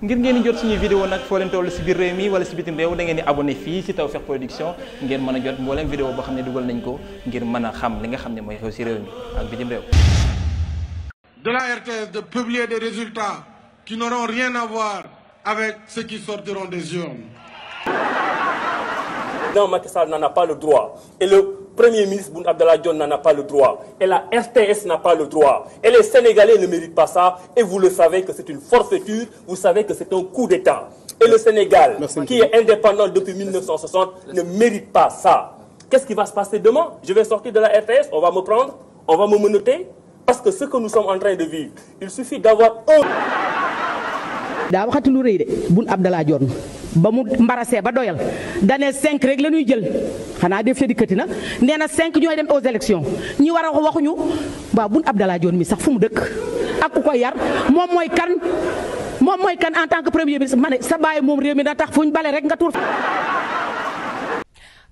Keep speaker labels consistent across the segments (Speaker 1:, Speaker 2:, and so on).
Speaker 1: ngir ngeen di jot suñuy vidéo nag foo leen toll si biir réew mi wala si bitim réew da ngeen di abonné fii si Tawfekh Production ngeen mën a jot mbooleem vidéo boo xam ne dugal nañ ko ngir mën a xam li nga xam ne mooy xew si réew mi ak bitim réew.
Speaker 2: de la RTS de publier des résultats qui n'auront rien à voir avec ceux qui sortiront des urnes. président Macky Sall a pas le droit et le premier ministre Boun Abdallah Dionne n'en pas le droit et la RTS n'a pas le droit et les Sénégalais ne méritent pas ça et vous le savez que c'est une forfaiture vous savez que c'est un coup d'État et le Sénégal Merci. qui est indépendant depuis 1960 ne mérite pas ça qu'est-ce qui va se passer demain je vais sortir de la RTS on va me prendre on va me menotter parce que ce que nous sommes en train de vivre il suffit d'avoir un
Speaker 3: daa ba mu mbarasee ba doyal dane cinq rek la jël xanaa def ca dikkati na nee na cinq ñooy dem aux élections ñi war a wax waxuñu waaw bun Abdalaa Joon mi sax fu mu dëkk ak ku ko yar moom mooy kan moom mooy kan en tant que premier ministre ma sa bàyyi moom réew mi na tax fu ñu bale rek nga tuur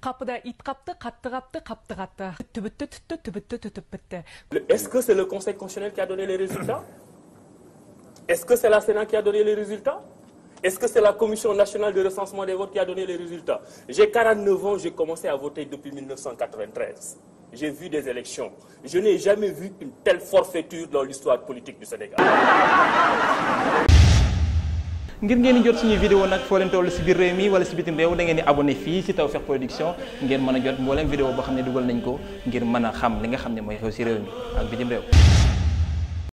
Speaker 2: Kapıda it kaptı, kaptı kaptı, kaptı kaptı. Tütü büttü, tütü tübüttü, tütüp bitti. Est-ce que c'est le Conseil constitutionnel qui a donné les résultats? Est-ce que c'est la Sénat qui a donné les résultats? Est-ce que c'est la Commission nationale de recensement des votes qui a donné les résultats? J'ai 49 ans, j'ai commencé à voter depuis 1993. J'ai vu des élections. Je n'ai jamais vu une telle forfaiture dans l'histoire politique du Sénégal.
Speaker 1: ngir ngeen di jot suñuy vidéo nag foo leen toll si biir réew mi wala si bitim réew da ngeen di abonné fii si Tawfekh Production ngeen mën a jot mbooleem vidéo boo xam ne dugal nañ ko ngir mën a xam li nga xam ne mooy xew si